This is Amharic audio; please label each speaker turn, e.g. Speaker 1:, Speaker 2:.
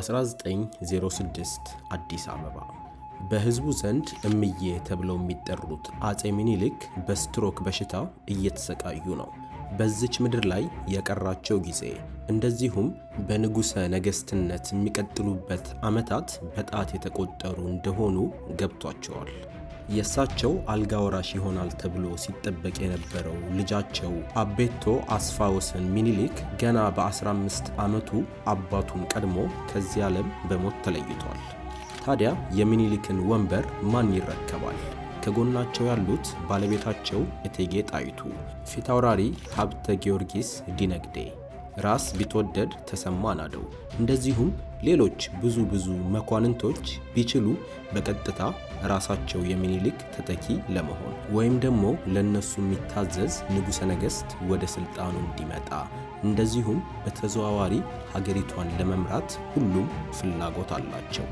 Speaker 1: 1906 አዲስ አበባ በህዝቡ ዘንድ እምዬ ተብለው የሚጠሩት አጼ ሚኒሊክ በስትሮክ በሽታ እየተሰቃዩ ነው። በዚች ምድር ላይ የቀራቸው ጊዜ እንደዚሁም በንጉሠ ነገሥትነት የሚቀጥሉበት ዓመታት በጣት የተቆጠሩ እንደሆኑ ገብቷቸዋል። የእሳቸው አልጋ ወራሽ ይሆናል ተብሎ ሲጠበቅ የነበረው ልጃቸው አቤቶ አስፋ ወሰን ሚኒሊክ ገና በ15 ዓመቱ አባቱን ቀድሞ ከዚህ ዓለም በሞት ተለይቷል። ታዲያ የሚኒሊክን ወንበር ማን ይረከባል? ከጎናቸው ያሉት ባለቤታቸው እቴጌ ጣይቱ፣ ፊታውራሪ ሀብተ ጊዮርጊስ ዲነግዴ ራስ ቢትወደድ ተሰማ ናደው እንደዚሁም ሌሎች ብዙ ብዙ መኳንንቶች ቢችሉ በቀጥታ ራሳቸው የሚኒሊክ ተተኪ ለመሆን ወይም ደግሞ ለነሱ የሚታዘዝ ንጉሠ ነገሥት ወደ ሥልጣኑ እንዲመጣ እንደዚሁም በተዘዋዋሪ ሀገሪቷን ለመምራት ሁሉም ፍላጎት አላቸው።